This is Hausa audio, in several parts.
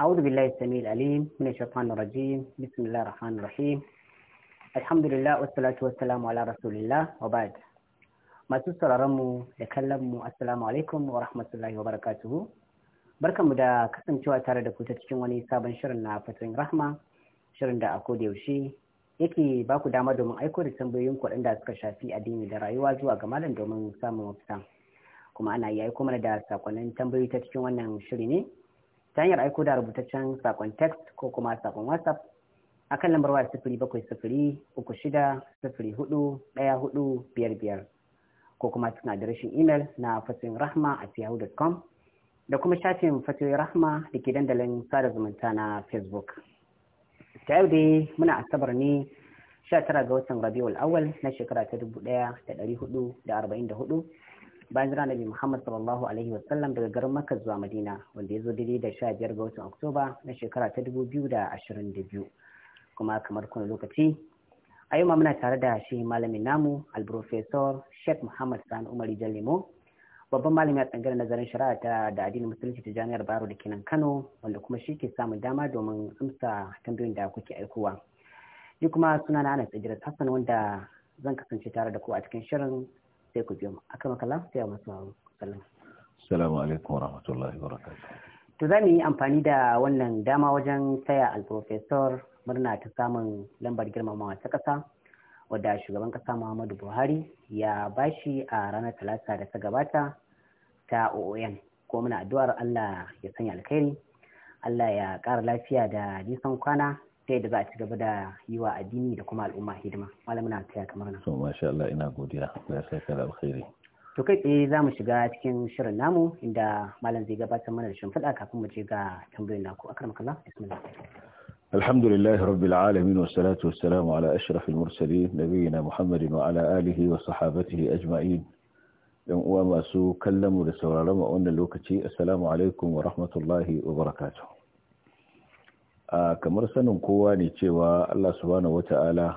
أعوذ بالله السميع العليم من الشيطان الرجيم بسم الله الرحمن الرحيم الحمد لله والصلاة والسلام على رسول الله وبعد masu sauraronmu da kallonmu assalamu alaikum wa rahmatullahi wa barakatuhu barkanmu da kasancewa tare da ku ta cikin wani sabon shirin na fatoyin rahma shirin da a koda yaushe yake ba ku dama domin aiko da tambayoyin kuɗin da suka shafi addini da rayuwa zuwa ga malam domin samun mafita kuma ana iya aiko mana da sakonnin tambayoyi ta cikin wannan shiri ne ta hanyar aiko da rubutaccen sakon text ko kuma sakon whatsapp a kan lambar waya sifiri bakwai sifiri uku shida sifiri hudu ɗaya hudu biyar biyar ko kuma cikin adireshin imel na fasirin rahma a yahoo.com da kuma shafin fasirin rahma da ke dandalin sada zumunta na facebook ta yau dai muna asabar ne sha tara ga watan rabiul awal na shekara ta dubu da da da arba'in hudu. bayan jira nabi Muhammad sallallahu alaihi wasallam daga garin Makka zuwa Madina wanda ya zo daidai da sha biyar ga watan Oktoba na shekara ta dubu biyu da ashirin da biyu kuma kamar kuna lokaci a yau muna tare da shi malamin namu alprofesor Sheikh Muhammad Sani Umar Jalimo babban malami a tsangar nazarin shari'a ta da addinin musulunci ta jami'ar Baro da kenan Kano wanda kuma shi ke samun dama domin amsa tambayoyin da kuke aikowa. Ni kuma suna na Anas Idris Hassan wanda zan kasance tare da ku a cikin shirin sai ku biyo mu aka makala sai a masu sallama assalamu alaikum warahmatullahi wabarakatuh to za mu yi amfani da wannan dama wajen taya professor murna ta samun lambar girmamawa ta kasa wadda shugaban kasa muhammadu buhari ya bashi a ranar talata da ta gabata ta oon ko muna addu'ar allah ya sanya alkhairi allah ya ƙara lafiya da nisan kwana ta yadda za a da yi wa addini da kuma al'umma hidima malam na kamar nan. so masha ina godiya ya saka da alkhairi. to kai za mu shiga cikin shirin namu inda malam zai gabatar mana da shimfiɗa kafin mu je ga tambayoyin naku akar makalla bismillah. الحمد لله رب العالمين والصلاة والسلام على أشرف المرسلين نبينا محمد وعلى آله وصحابته أجمعين yan uwa masu kallon mu da sauraron mu a lokaci assalamu alaikum wa rahmatullahi wa barakatuh a kamar sanin kowa ne cewa Allah subhanahu wata'ala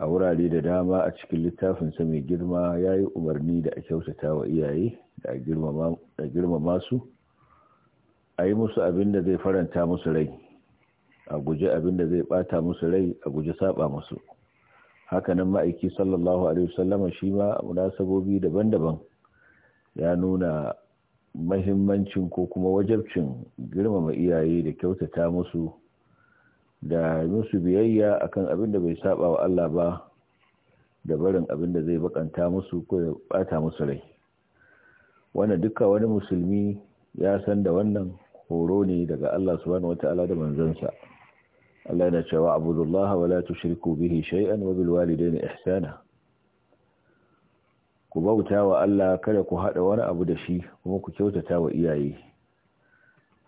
a wurare da dama a cikin littafinsa mai girma ya yi umarni da a kyautata wa iyaye da a girmama su a yi musu abin da zai faranta musu rai a guji abin da zai bata musu rai a guji saba musu hakanan ma'aiki sallallahu alaihi wasallama shi ma munasabobi daban-daban ya nuna mahimmancin ko kuma wajabcin girmama iyaye da kyautata musu da musu biyayya akan abin da bai saba wa Allah ba da barin abin da zai bakanta musu ko ya bata musu rai wannan duka wani musulmi ya san da wannan horo ne daga Allah subhanahu wata'ala da manzansa Allah yana cewa abudullaha wala tushriku bihi shay'an wa bil walidaini ihsana ku bauta wa Allah kada ku haɗa wani abu da shi kuma ku kyautata wa iyaye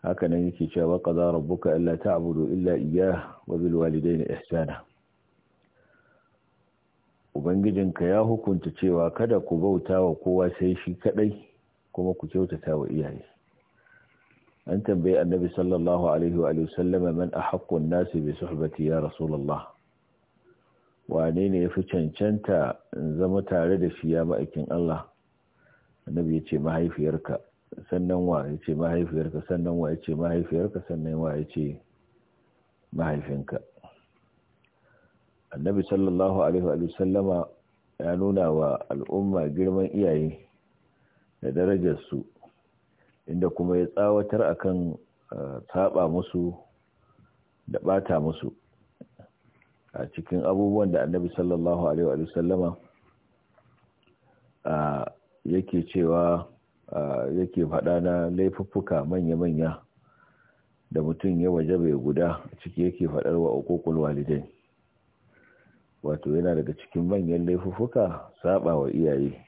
haka nan yake cewa wa qaza rabbuka alla ta'budu illa iyyah wa bil walidayni ihsana ubangijinka ya hukunta cewa kada ku bauta wa kowa sai shi kadai kuma ku kyautata wa iyaye an tambayi annabi sallallahu alaihi wa sallama man ahaqqu an-nasi bi suhbati ya rasulullah wane ne ya fi cancanta in zama tare da shi ya ma'aikin Allah annabi ya ce mahaifiyarka sannan wa ya ce mahaifiyarka sannan wa ya ce mahaifiyarka sannan wa ya ce mahaifinka annabi sallallahu alaihi wa sallama ya nuna wa al'umma girman iyaye da darajarsu inda kuma ya tsawatar akan eh, saba musu da bata musu a cikin abubuwan da annabi sallallahu alaihi wa sallama yake cewa yake faɗa na laifuffuka manya-manya da mutum ya waje bai guda ciki yake faɗar wa ukukul walidai wato yana daga cikin manyan laifuffuka saba wa iyaye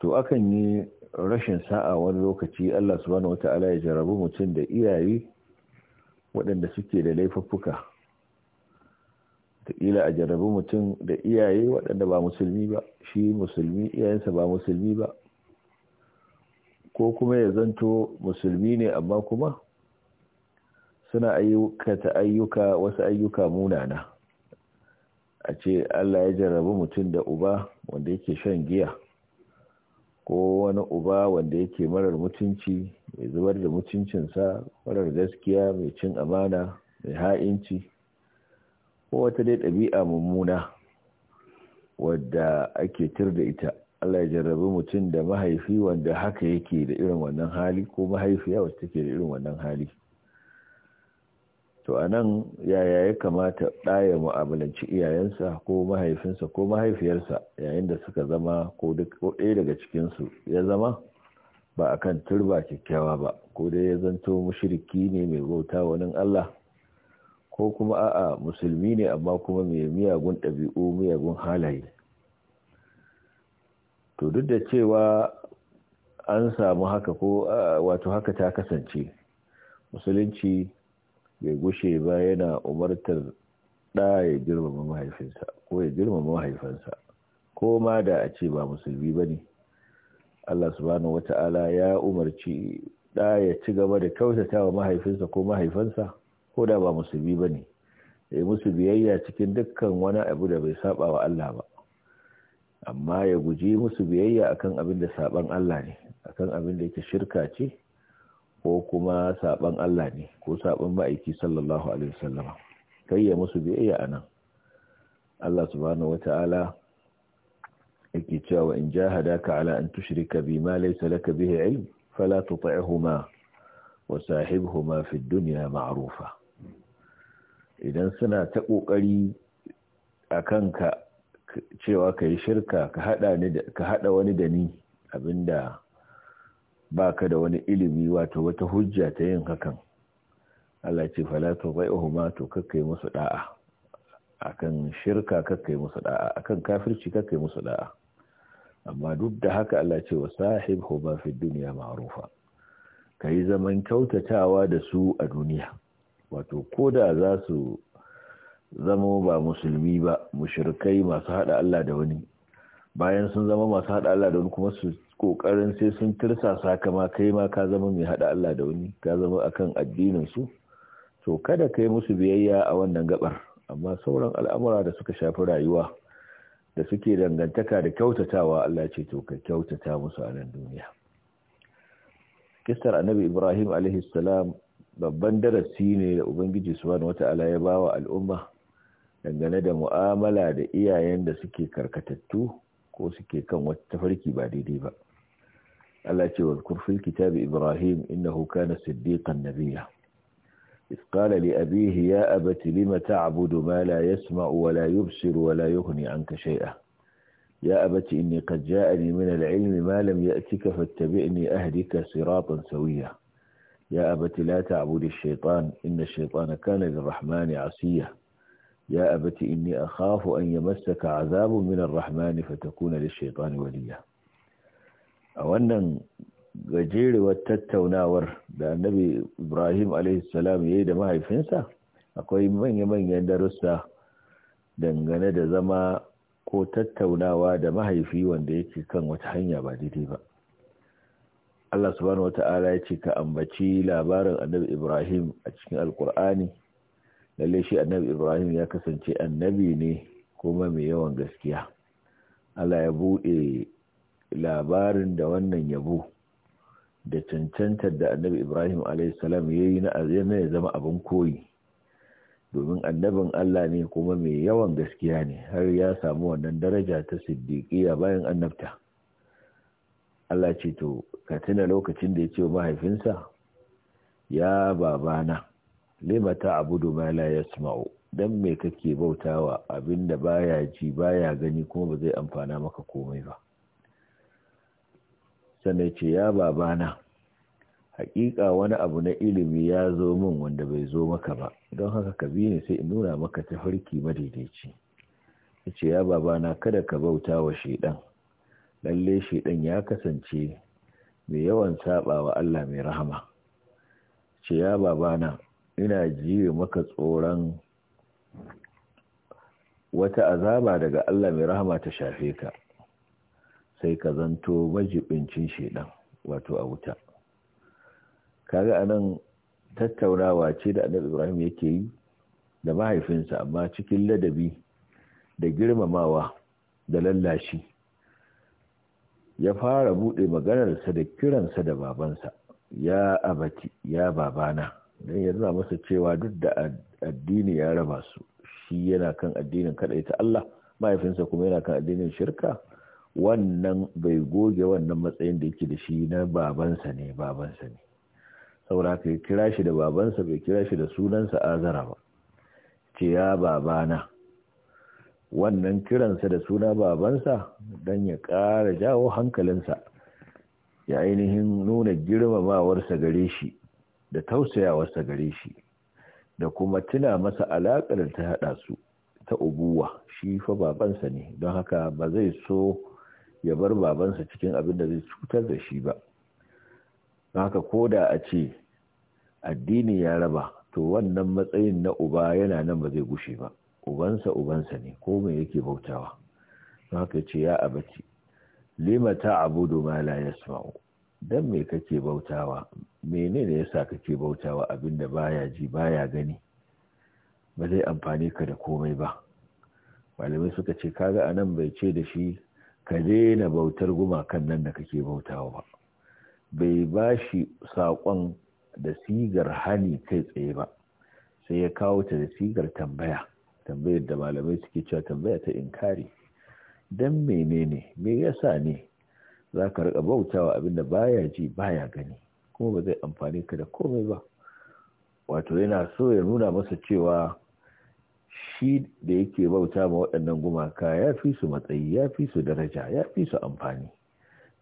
to akan yi rashin sa'a wani lokaci Allah subhanahu wata'ala ya jarabu mutum da iyaye waɗanda suke da laifuffuka taƙila a jarrabi mutum da iyaye waɗanda ba musulmi ba shi musulmi iyayensa ba musulmi ba ko kuma ya zanto musulmi ne amma kuma suna ayyukata ayyuka wasu ayyuka munana a ce allah ya jarrabi mutum da uba wanda yake shan giya ko wani uba wanda yake marar mutunci mai zubar da mutuncinsa marar gaskiya mai cin amana mai ha'inci ko wata dai ɗabi'a mummuna wadda ake tir da ita Allah ya jarrabi mutum da mahaifi wanda haka yake da irin wannan hali ko mahaifiya wacce take da irin wannan hali to anan yaya ya kamata ɗaya mu'amalanci iyayensa ko mahaifinsa ko mahaifiyarsa yayin da suka zama ko ɗaya daga cikinsu ya zama ba a kan turba kyakkyawa ba ko dai ya zanto mushriki ne mai bauta wani Allah ko kuma a'a musulmi ne amma kuma mai miyagun ɗabi'u miyagun halaye to duk da cewa an samu haka ko wato haka ta kasance musulunci bai gushe ba yana umartar ɗa ya girmama mahaifinsa ko ya girmama mahaifinsa ko ma da a ce ba musulmi ba ne Allah subhanahu wata'ala ya umarci da ya ci gaba da kyautata wa mahaifinsa ko mahaifansa ko da ba musulmi ba ne ya musu biyayya cikin dukkan wani abu da bai saba wa Allah ba amma ya guji musu biyayya akan abin da saban Allah ne akan abin da yake shirka ce ko kuma saban Allah ne ko saban ma'aiki sallallahu alaihi wasallama kai ya musu biyayya anan Allah subhanahu wata'ala yake cewa wa in jahadaka ala an tushrika ma laysa laka bihi ilm fala tuti'huma wa sahibhuma fi dunya ma'rufa idan suna ta kokari akan ka cewa kai shirka ka hada ni ka hada wani da ni abinda baka da wani ilimi wato wata hujja ta yin hakan Allah ce fala tuti'huma to kakkai musu da'a akan shirka kakkai musu da'a akan kafirci kakkai musu da'a amma duk da haka Allah ce wa sahib ba fi duniya ma'arufa kayi zaman kyautatawa da su a duniya wato ko da za su zama ba musulmi ba mushrikai masu hada Allah da wani bayan sun zama masu hada Allah da wani kuma su kokarin sai sun tirsa kama kai ma ka zama mai hada Allah da wani ka zama akan addinin su to kada kai musu biyayya a wannan gabar amma sauran al'amura da suka shafi rayuwa da suke dangantaka da kyautatawa Allah ce to ka kyautata musu a nan duniya kistar annabi ibrahim alaihi salam babban darasi ne da ubangiji subhanahu wata'ala ya bawa al'umma dangane da mu'amala da iyayen da suke karkatattu ko suke kan wata tafarki ba daidai ba Allah ce wa kurfil kitabi ibrahim innahu kana siddiqan nabiyya إذ قال لأبيه يا أبت لم تعبد ما لا يسمع ولا يبصر ولا يغني عنك شيئا يا أبت إني قد جاءني من العلم ما لم يأتك فاتبعني أهدك صراطا سويا يا أبت لا تعبد الشيطان إن الشيطان كان للرحمن عصيا يا أبت إني أخاف أن يمسك عذاب من الرحمن فتكون للشيطان وليا أولا gajerewar tattaunawar da annabi ibrahim salam ya yi da mahaifinsa akwai manya-manyan darussa dangane da zama ko tattaunawa da mahaifi wanda yake kan wata hanya ba daidai ba Allah subhanahu Ta'ala ya ce ka ambaci labarin annabi ibrahim a cikin alkur'ani lalle shi annabi ibrahim ya kasance annabi ne kuma mai yawan gaskiya Allah ya buɗe labarin da wannan yabo da cancantar da annabi ibrahim a.s. ya yi na zama abin koyi domin annabin allah ne kuma mai yawan gaskiya ne har ya samu wannan daraja ta siddiƙiya bayan annabta allah ce to ka tuna lokacin da ya ce wa mahaifinsa ya babana limata abudu ma la yasma'u don me kake bautawa abinda baya ji baya gani kuma ba zai amfana maka komai ba sannan ce ya babana hakika wani abu na ilimi ya zo min wanda bai zo maka ba don haka ka bi ni sai in nuna maka ta farki madaidaici ya ce ya babana kada ka bauta wa shaidan lalle shaidan ya kasance mai yawan saba wa Allah mai rahama ce ya babana ina jiye maka tsoron wata azaba daga Allah mai rahama ta shafe ka sai ka zanto majibincin shedan wato a wuta kaga anan tattaunawa ce da annabi Ibrahim yake yi da mahaifinsa amma cikin ladabi da girmamawa da lallashi ya fara buɗe maganarsa da kiransa da babansa ya abati ya babana don ya zama masa cewa duk da addini ya raba su shi yana kan addinin kaɗai ta Allah mahaifinsa kuma yana kan addinin shirka wannan bai goge wannan matsayin da yake da shi na babansa ne babansa ne saura haka kira shi da babansa bai kira shi da sunansa azara ba ce ya babana wannan kiransa da suna babansa don ya ƙara jawo hankalinsa ya ainihin nuna girmamawarsa gare shi da tausayawarsa gare shi da kuma tuna masa alaƙar ta haɗa su ta ubuwa shi fa babansa ne don haka ba zai so ya bar babansa cikin abin da zai cutar da shi ba haka ko da a ce addini ya raba to wannan matsayin na uba yana nan ba zai gushe ba ubansa ubansa ne ko mai yake bautawa haka ce ya abaci lima ta abudu ma la yasma'u dan me kake bautawa menene yasa kake bautawa abinda baya ji baya gani ba zai amfane ka da komai ba malamai suka ce kaga anan bai ce da shi ka daina bautar gumakan nan da kake bautawa ba bai ba shi saƙon da sigar hani kai tsaye ba sai ya kawo ta da sigar tambaya tambayar da malamai suke cewa tambaya ta inkari don menene me yasa ne za ka riƙa bautawa abinda da baya ji baya gani kuma ba zai amfani ka da komai ba wato yana so ya nuna masa cewa shi da yake bauta ma waɗannan gumaka ya fi su matsayi ya fi su daraja ya fi su amfani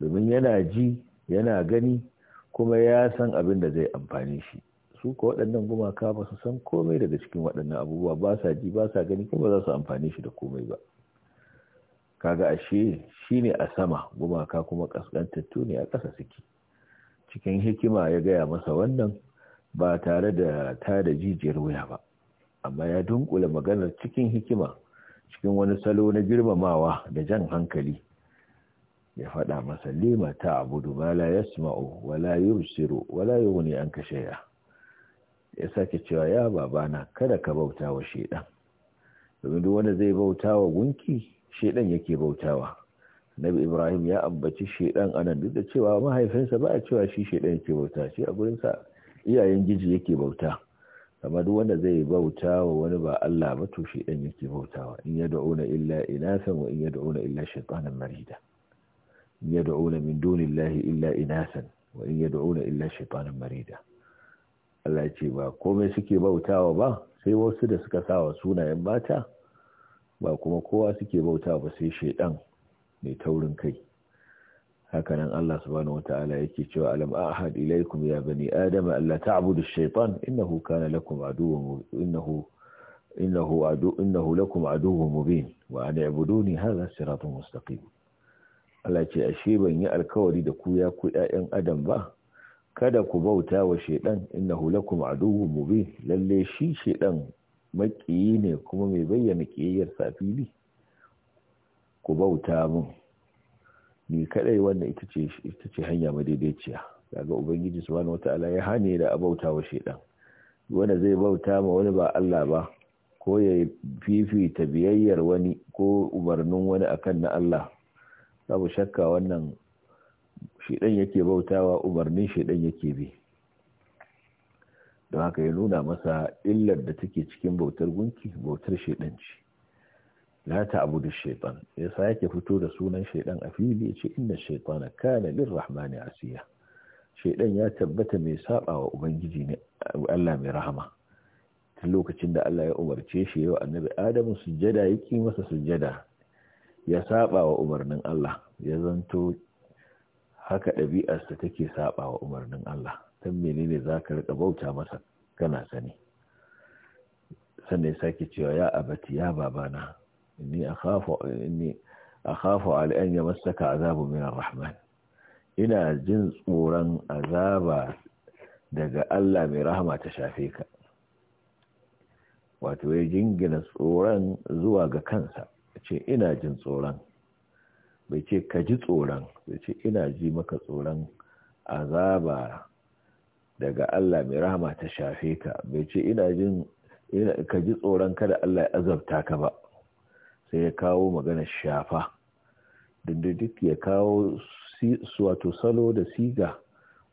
domin yana ji yana gani kuma ya san abin da zai amfani shi su ko waɗannan gumaka ba su san komai daga cikin waɗannan abubuwa ba sa ji ba sa gani kuma za su amfani shi da komai ba kaga ashe shi ne a sama gumaka kuma kaskantattu ne a ƙasa suke cikin hikima ya gaya masa wannan ba tare da ta da jijiyar wuya ba amma ya dunkula maganar cikin hikima cikin wani salo na girmamawa da jan hankali ya faɗa masa lima ta abudu ma la yasma'u wa la yubsiru wa la yughni anka shay'a ya sake cewa ya babana kada ka bauta wa shedan domin duk wanda zai bauta wa gunki shedan yake bautawa Nabi Ibrahim ya ambaci shedan anan duk da cewa mahaifinsa ba a cewa shi shedan yake bauta shi a gurin iyayen giji yake bauta amma duk wanda zai bauta wa wani ba Allah ba to shi dan yake bautawa in da'una illa inasan wa in da'una illa shaytanan marida in da'una min dunillahi illa inasan wa in da'una illa shaytanan marida Allah ya ce ba komai suke bautawa ba sai wasu da suka sawa sunayen mata ba kuma kowa suke bautawa ba sai shaidan mai taurin kai hakanan Allah subhanahu wata'ala yake cewa alam ahad ilaikum ya bani adama alla ta'budu ash-shaytan innahu kana lakum aduwwan innahu innahu adu innahu lakum aduwwun mubin wa an i'buduni hadha siratun mustaqim Allah ce ashe ban yi alkawari da ku ya ku ƴaƴan adam ba kada ku bauta wa shaytan innahu lakum aduwwun mubin lalle shi shaytan maƙiyi ne kuma mai bayyana ƙiyayyar safili ku bauta mun ni kadai wannan ita ce ita ce hanya madaidaiciya daga ubangiji subhanahu wataala ya hane da abauta wa shedan wanda zai bauta ma wani ba Allah ba ko ya fifita biyayyar wani ko umarnin wani akan na Allah babu shakka wannan shedan yake bautawa umarnin shedan yake bi don haka ya nuna masa illar da take cikin bautar gunki bautar shedan ce la ta'budu shaitan ya yake fito da sunan shaiɗan a fili ya yace inna shaytana kana lirrahmani asiya shaiɗan ya tabbata mai saba wa ubangiji ne Allah mai rahama tun lokacin da Allah ya umarce shi yau annabi Adamu sujjada yake masa sujjada ya saba wa umarnin Allah ya zanto haka ɗabi'arsa take saba wa umarnin Allah tan menene ka rika bauta masa kana sani sannan ya sake cewa ya abati ya babana inni akhafu inni akhafu an yamassaka azabun min rahman ina jin tsoron azaba daga Allah mai rahama ta shafe ka wato ya jingina tsoron zuwa ga kansa ce ina jin tsoron bai ce ka ji tsoron bai ce ina ji maka tsoron azaba daga Allah mai rahama ta shafe ka bai ce ina jin tsoron kada Allah ya azabta ka ba sai ya kawo magana shafa duk ya kawo su wato salo da siga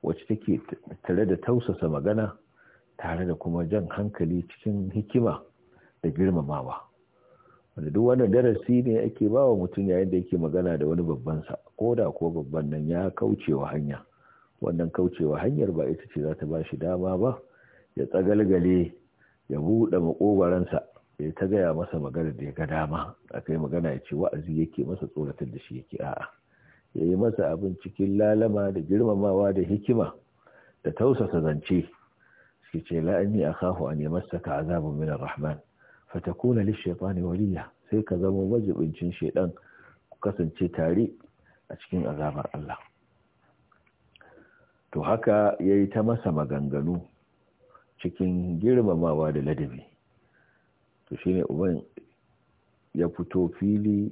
wacce take tare da tausasa magana tare da kuma jan hankali cikin hikima da girmamawa wanda duk wannan darasi ne ake ba wa mutum yayin da yake magana da wani babban sa ko da ko babban nan ya kaucewa hanya wannan kaucewa hanyar ba ita ce za ta ba shi dama ba ya tsagalgale ya buɗe makogoransa ya ta gaya masa magana da ya ga dama a kai magana ya ce wa'azi yake masa tsoratar da shi yake a'a ya yi masa abin cikin lalama da girmamawa da hikima da tausasa zance shi ce la'ani a kafu an yi masa ka azabun minar rahman fatakuna lishaitani waliya sai ka zama majibincin shaidan ku kasance tare a cikin azabar Allah to haka ya yi ta masa maganganu cikin girmamawa da ladabi to shine uban ya fito fili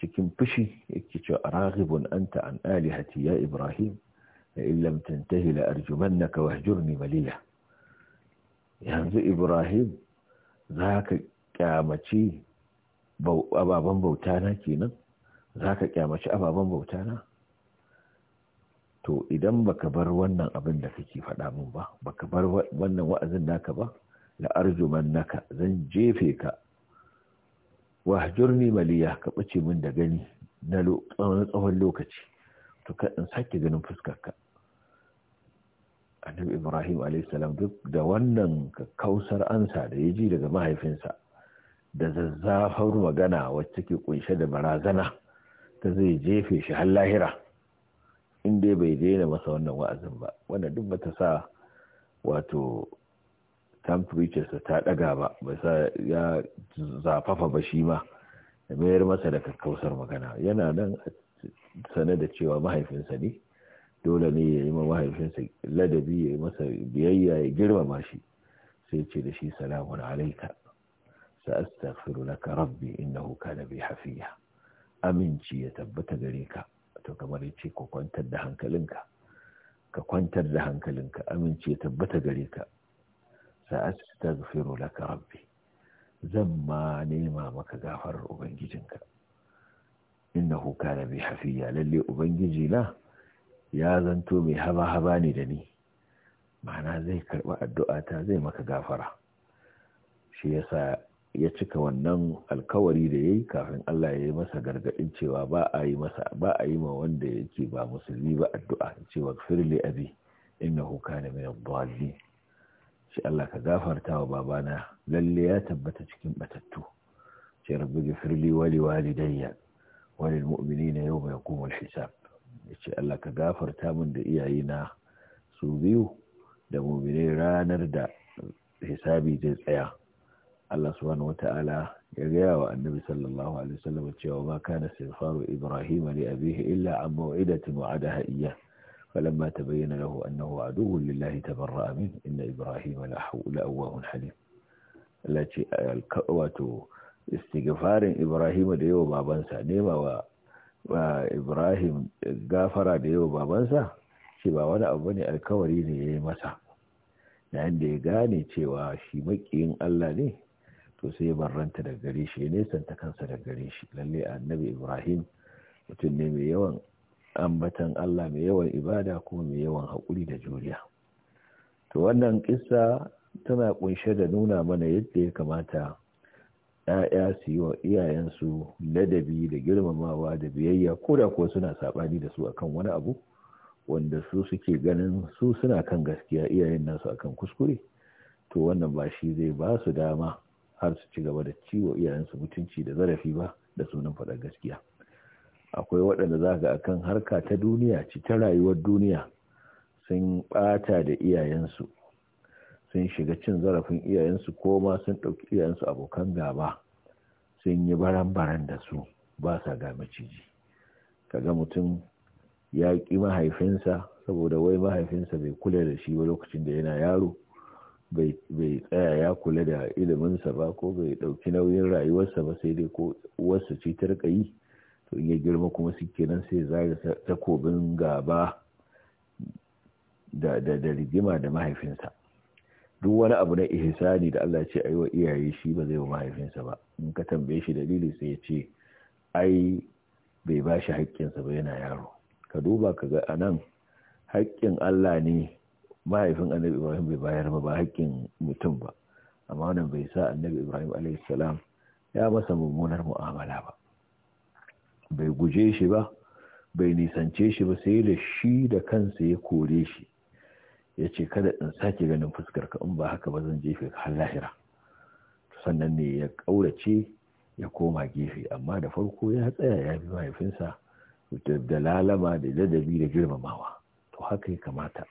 cikin fushi yake cewa raghibun anta an alihati ya ibrahim la in lam tantahi la arjumannaka wahjurni maliya yanzu ibrahim zaka kyamaci ababen bauta na kenan zaka kyamaci ababen bauta na to idan baka bar wannan abin da kake faɗa min ba baka bar wannan wa'azin naka ba la naka zan jefe ka wahjurni maliya ka bace min da gani na tsawon lokaci to ka in sake ganin fuskarka annabi ibrahim salam duk da wannan kausar ansa da ya ji daga mahaifinsa da zazzafar magana wacce ke kunshe da barazana ta zai jefe shi har lahira in dai bai daina masa wannan wa'azin ba wannan duk bata sa wato temperature ta daga ba ba sa ya zafafa ba shi ma da mayar masa da kakkausar magana yana nan sane da cewa mahaifinsa ne dole ne ya yi ma mahaifinsa ladabi ya yi masa biyayya ya girmama shi sai ce da shi salamun alaika sa'astaghfiru laka rabbi innahu kana bi hafiya aminci ya tabbata gare ka to kamar yace ko kwantar da hankalinka ka kwantar da hankalinka aminci ya tabbata gare ka sa'astaghfiru laka rabbi zan ma nema maka gafarar ubangijinka innahu kana bi hafiya lalle ubangiji na ya zanto mai haba haba ne da ni Mana zai karba addu'a ta zai maka gafara shi yasa ya cika wannan alkawari da yayi kafin Allah ya yi masa gargadin cewa ba a yi masa ba a yi ma wanda yake ba musulmi ba addu'a cewa firli abi innahu kana min ad shi Allah ka gafarta wa babana lalle ya tabbata cikin batattu ce rabbi gifirli wali walidayya na yau mai yaqumul hisab yace Allah ka gafarta min da iyayena su biyu da mu'minai ranar da hisabi zai tsaya Allah subhanahu ya gaya wa annabi sallallahu alaihi wasallam cewa ma kana sirfaru ibrahim li abihi illa an waidatin wa'adaha iyyah فلما تبين له أنه عدو لله تبرأ منه إن إبراهيم لأواه حليم التي الكأوة استغفار إبراهيم ديو بابنسا نيما و Ibrahim gafara da yawa babansa shi ba wani abu ne alkawari ne ya yi masa yayin yadda ya gane cewa shi makiyin Allah ne to sai ya barranta da gare shi ya nesanta kansa da gare shi lalle annabi Ibrahim mutum ne mai yawan ambatan Allah mai yawan ibada kuma mai yawan haƙuri da juriya to wannan ƙisa tana ƙunshe da nuna mana yadda ya kamata ‘ya'ya su yi wa iyayensu ladabi da girmamawa da biyayya ko da kuwa suna saɓani da su akan wani abu wanda su suke ganin su suna kan gaskiya iyayen nasu akan kuskure to wannan ba shi zai ba su dama har su ci gaba da ciwo iyayensu mutunci da zarafi ba da sunan faɗar gaskiya. akwai waɗanda za ga akan harka ta duniya ci rayuwar duniya sun ɓata da iyayensu sun shiga cin zarafin iyayensu ko ma sun ɗauki iyayensu abokan gaba sun yi baran-baran da su ba sa ga maciji kaga mutum ya ƙi mahaifinsa saboda wai mahaifinsa bai kula da shi ba lokacin da yana yaro bai tsaya ya kula da iliminsa ba ko bai ɗauki nauyin rayuwarsa ba sai dai ko uwarsa ce ta to ya girma kuma su kenan sai ta takobin gaba da da rigima da mahaifinsa duk wani abu na ihsani da Allah ce ayi wa iyaye shi ba zai wa mahaifinsa ba in ka tambaye shi dalili sai ya ce ai bai ba shi haƙƙinsa ba yana yaro ka duba ka ga anan haƙƙin Allah ne mahaifin annabi Ibrahim bai bayar ba ba haƙƙin mutum ba amma wannan bai sa annabi Ibrahim alaihi ya masa mummunar mu'amala ba bai guje shi ba bai nisance shi ba sai da shi da kansa ya kore shi ya ce kada in sake ganin fuskar ka in ba haka ba zan jefe ka har lahira sannan ne ya ƙaurace ya koma gefe amma da farko ya tsaya ya bi mahaifinsa da lalama da ladabi da girmamawa to haka ya kamata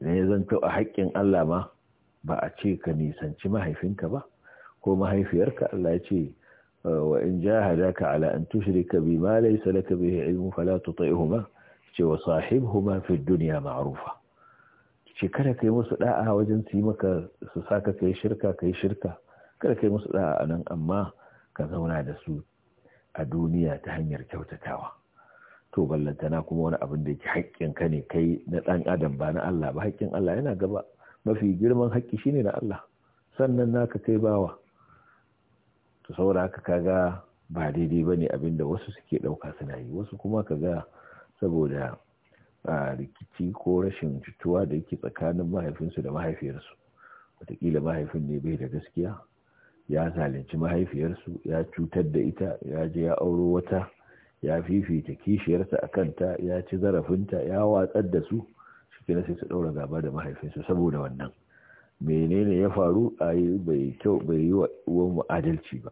idan ya zanto a haƙƙin Allah ma ba a ce ka nisanci mahaifinka ba ko mahaifiyarka Allah ya ce wa in jahadaka ala an tushrika bima laysa laka bihi ilmun fala tuti'huma ce wa sahibhuma fi dunya ma'rufa ce kada kai musu da'a wajen su maka su saka kai shirka kai shirka kada kai musu da'a amma ka zauna da su a duniya ta hanyar kyautatawa to ballantana kuma wani abin da yake haƙƙin ka ne kai na ɗan adam ba na Allah ba haƙƙin Allah yana gaba mafi girman haƙƙi shine na Allah sannan naka kai bawa to saboda haka kaga ba daidai ba ne abinda wasu suke ɗauka suna yi wasu kuma ka kaga saboda rikici ko rashin jituwa da yake tsakanin mahaifinsu da mahaifiyarsu watakila mahaifin ne bai da gaskiya ya zalunci mahaifiyarsu ya cutar da ita ya je ya auro wata ya fifita kishiyarta a kanta ya ci zarafinta ya watsar da su shi sai su ɗaura gaba da mahaifinsu saboda wannan menene ya faru a yi bai kyau bai yi wa adalci ba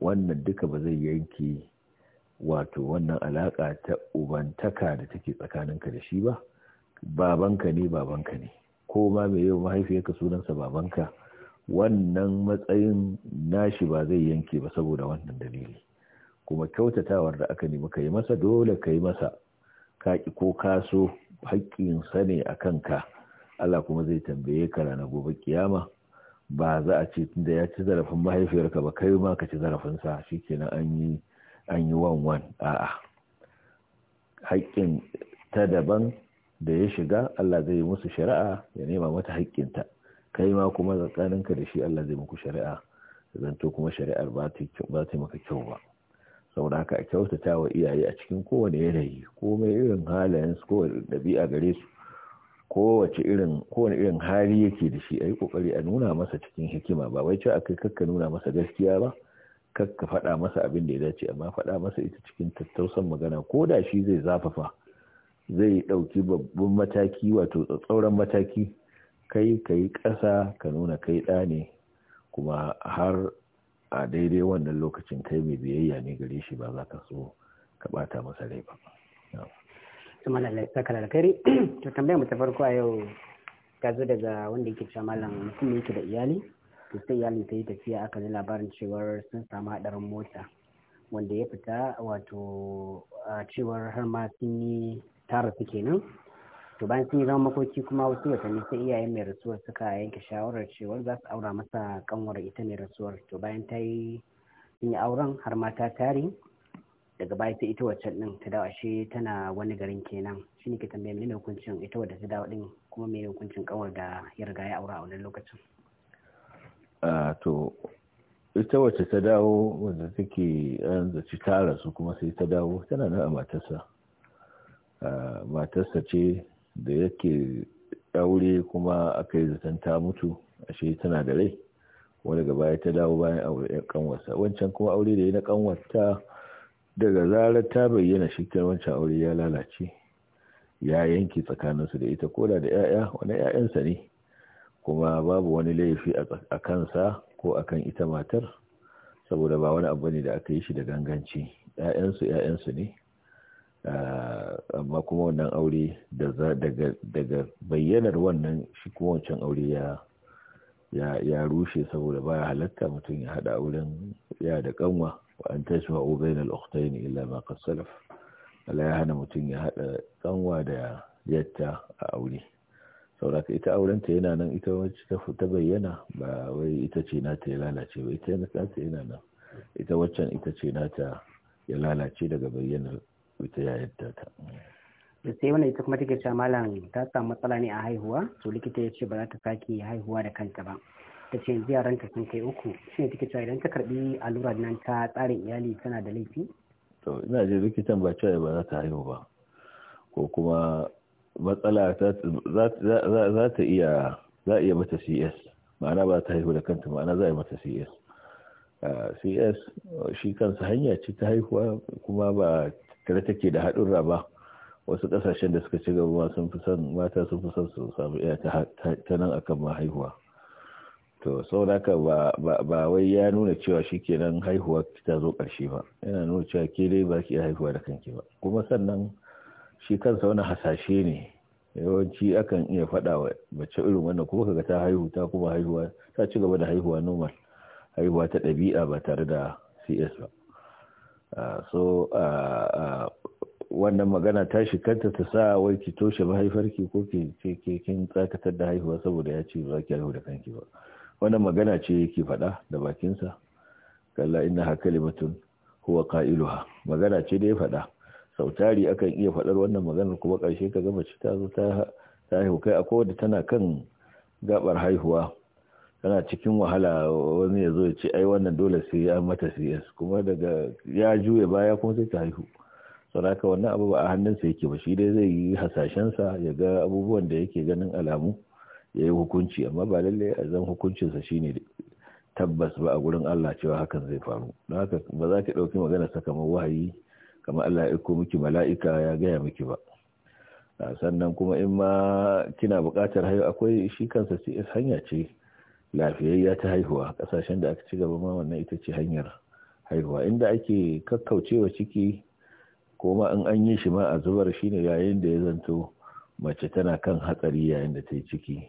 wannan duka ba zai yanke wato wannan alaka ta ubantaka da take tsakanin ka da shi ba babanka ne babanka ne ko ma mai yau mahaifiyarka sunansa babanka wannan matsayin nashi ba zai yanke ba saboda wannan dalili kuma kyautatawar da aka nemi ka yi masa dole ka yi masa kaki ko kaso haƙƙinsa ne a kanka Allah kuma zai tambaye ka na gobe kiyama ba za a ce tunda ya ci zarafin mahaifiyarka ba kai ma ka ci zarafinsa shikenan an yi an yi wan wan a'a haƙƙin ta daban da ya shiga Allah zai musu shari'a ya nema mata ta. kai ma kuma ka da shi Allah zai muku shari'a zanto kuma shari'ar ba ta maka kyau ba saboda haka a kyautata wa iyaye a cikin kowane yanayi komai irin halayen su kowane ɗabi'a gare su kowace irin kowane irin hali yake da shi a yi kokari a nuna masa cikin hikima ba wai cewa akai kakka nuna masa gaskiya ba kakka faɗa masa abin da ya dace amma faɗa masa ita cikin tattausan magana ko da shi zai zafafa zai ɗauki babban mataki wato tsatsauran mataki kai ka yi ƙasa ka nuna kai ɗa ne kuma har a daidai wannan lokacin kai mai biyayya ne gare shi ba za ka so ka bata masa rai ba. to malalai saka alkhairi to tambayar mu farko a yau ta zo daga wanda yake cewa malam mutum yake da iyali to sai iyalin ta yi tafiya aka ji labarin cewar sun samu hadarin mota wanda ya fita wato a cewar har ma sun yi tara su kenan to bayan sun yi zama makoki kuma wasu watanni sai iyayen mai rasuwar suka yanke shawarar cewar za su aura masa kanwar ita mai rasuwar to bayan ta yi sun yi auren har ma ta tare daga baya sai ita wacce din ta dawo ashe tana wani garin kenan shi ne ke tambaya mene hukuncin ita wadda ta dawo din kuma mene hukuncin kawar da ya riga ya aura a wannan lokacin to ita wacce ta dawo wanda take an zaci ta rasu kuma sai ta dawo tana nan a matarsa matarsa ce da yake aure kuma aka yi zaton ta mutu ashe tana da rai wani gaba ya ta dawo bayan aure ya kanwarsa wancan kuma aure da ya na kanwarta daga zarar ta bayyana shi wancan aure ya lalace ya yanke tsakaninsu da ita koda da 'ya'ya wani 'ya'yansa ne kuma babu wani laifi a kansa ko a kan ita matar saboda ba wani abu ne da aka yi shi da ganganci 'ya'yansu 'ya'yansu ne ah, amma kuma wannan aure daga bayyanar wannan shi kuma wancan aure ya ya rushe saboda baya halatta mutum ya hada auren ya da kanwa وأن تجمعوا بين الأختين إلا ما قد سلف ألا يهنا متن هذا تنوى دا يتا أولي sauraka ita aurenta yana nan ita wacce ta bayyana ba wai ita تي nata ya lalace ba ita yana ta yana nan ita waccan ita nata ya lalace daga bayyanar ta da sai wannan ita kuma take cewa malam ta samu matsala ne a haihuwa to likita ya ce ba za ta sake haihuwa da kanta ba ta ce ziyaranta sun kai uku shi ne take cewa idan ta karbi allura nan ta tsarin iyali tana da laifi to ina je likitan ba cewa ba za ta haihu ba ko kuma matsala za ta iya za iya mata cs ma'ana ba ta haihu da kanta ma'ana za a yi mata cs cs shi kansa hanya ce ta haihuwa kuma ba tare take da haɗurra ba wasu ƙasashen da suka ci gaba sun fi son mata sun fi son su samu iya ta nan akan ma haihuwa to sau sauraka ba wai ya nuna cewa shi kenan haihuwa ta zo karshe ba yana nuna cewa ke dai ba ya haihuwa da kanki ba kuma sannan shi kansa wani hasashe ne yawanci akan iya faɗa wa mace irin wanda kuma kaga ta haihu ta kuma haihuwa ta ci gaba da haihuwa normal haihuwa ta ɗabi'a ba tare da cs ba ah, so ah, ah, wannan magana ta shi kanta ta sa wai ki toshe mahaifarki ko ke kin tsakatar da haihuwa saboda ya ce ba ki haihu da kanki ba wannan magana ce yake faɗa da bakinsa kalla haka limatun huwa qailuha magana ce da ya faɗa tari akan iya faɗar wannan maganar kuma karshe ka gama ci ta zo ta haihu kai akwai wadda tana kan gabar haihuwa tana cikin wahala wani ya zo ya ce ai wannan dole sai ya mata siyas kuma daga ya juya baya kuma sai ta haihu saboda wannan abu ba a hannunsa yake ba shi dai zai yi hasashensa ya ga abubuwan da yake ganin alamu ya yi hukunci amma ba lallai a zan hukuncinsa shine tabbas ba a gurin Allah cewa hakan zai faru don haka ba za ki ɗauki magana sa kamar wahayi kamar Allah ya iko miki mala'ika ya gaya miki ba sannan kuma in ma kina buƙatar haihu akwai shi kansa CS hanya ce lafiyayya ta haihuwa ƙasashen da aka ci gaba ma wannan ita ce hanyar haihuwa inda ake kakkaucewa ciki ko ma in an yi shi ma a zubar shine yayin da ya zanto mace tana kan hatsari yayin da ta yi ciki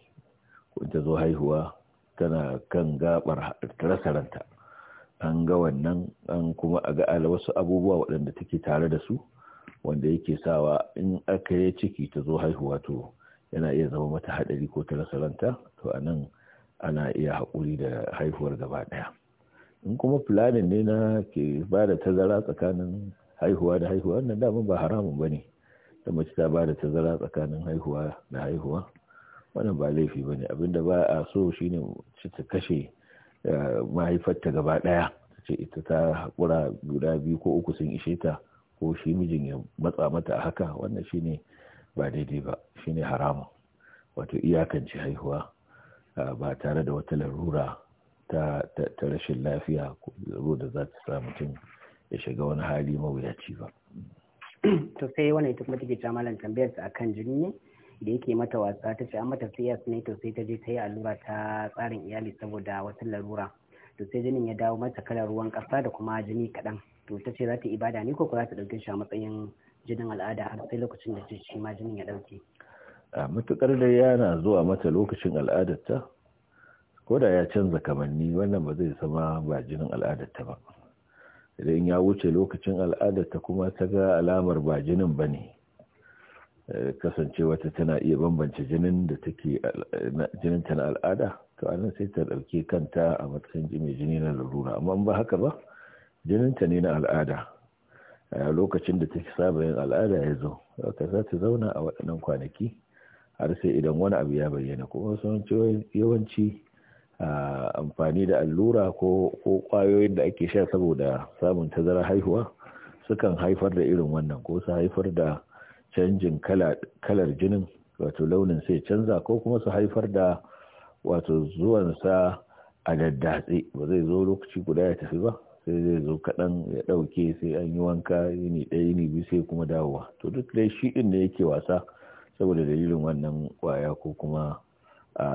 ta zo haihuwa tana kan gabar rasaranta an ga wannan an kuma a ga wasu abubuwa waɗanda take tare da su wanda yake sawa in aka yi ciki ta zo haihuwa to yana iya zama mata haɗari ko ta rasaranta to a nan ana iya haƙuri da haihuwar gaba ɗaya in kuma fulanin ne na ke ba da tazara tsakanin haihuwa da haihuwa wannan dama ba haramun ba ne da mace ta ba da tazara tsakanin haihuwa da haihuwa wannan ba laifi bane abinda ba a so shine ta kashe eh, mahaifarta gaba daya ce ita ta haƙura guda biyu ko uku sun ishe ta ko shi mijin ya matsa mata a haka wannan shine ba daidai ba shine haramun wato iyakanci haihuwa eh, ba tare da wata larura ta rashin lafiya ko zaro da za ta sa mutum ya shiga wani hali mawuyaci ba. to sai wannan ita kuma take ta malam tambayar ta akan jini ne da yake mata wasa ta ce an mata cs ne to sai ta je ta yi allura ta tsarin iyali saboda wata larura to sai jinin ya dawo mata kalar ruwan kasa da kuma jini kaɗan to ta ce za ta ibada ne ko ko za ta ɗauke shi a matsayin jinin al'ada har sai lokacin da shi ma jinin ya ɗauke. a matuƙar da yana zuwa mata lokacin al'adarta ko da ya canza kamanni wannan ba zai zama ba jinin al'adarta ba idan ya wuce lokacin al'adarta kuma ta ga alamar ba jinin ba ne Eh, kasancewa ta tana iya bambance jinin da ta na al'ada to a nan sai ta ɗauke kanta a matsayin jini jini na larura amma ba haka ba jinin ta ne na al'ada a eh, lokacin da take saba yin al'ada ya zo ka za ta zauna a waɗannan kwanaki har sai idan wani abu ya bayyana kuma sun yawanci amfani da allura ko kwayoyin da ake sha saboda samun tazarar haihuwa sukan haifar da irin wannan ko su haifar da canjin kalar jinin wato launin sai canza ko kuma su haifar da wato zuwansa a daddatse ba zai zo lokaci guda ya tafi ba sai zai zo kaɗan ya ɗauke sai an yi wanka yini ɗaya yini biyu sai kuma dawowa to duk dai shi ɗin ne yake wasa saboda dalilin wannan kwaya ko kuma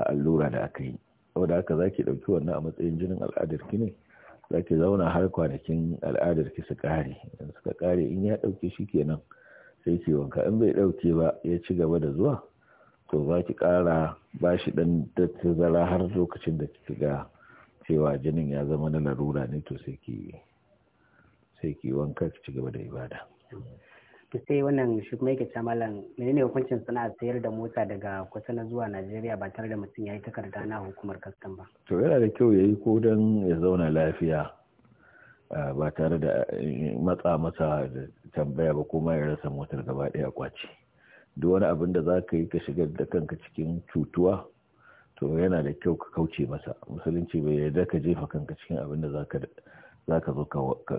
allura da aka yi saboda haka za ki ɗauki wannan a matsayin jinin al'adar ki ne za ki zauna har kwanakin al'adar ki su ƙare suka ƙare in ya ɗauke shi kenan sai ke wanka in bai ɗauke ba ya ci gaba da zuwa to ba ki ƙara ba shi ɗan zara har lokacin da kika ga cewa jinin ya zama na larura ne to sai ki sai ki wanka ki ci gaba da ibada ki sai wannan shi kuma yake malam menene hukuncin suna sayar da mota daga kusa na zuwa Najeriya ba tare da mutum yayi takarda na hukumar kastam ba to yana da kyau yayi ko dan ya zauna lafiya ba tare da eh, matsa masa da tambaya ba kuma ya rasa motar gaba ɗaya kwace duk wani abin da za ka yi ka shigar da kanka cikin cutuwa to yana da kyau ka kauce masa musulunci bai yarda ka jefa kanka cikin abin da za ka zo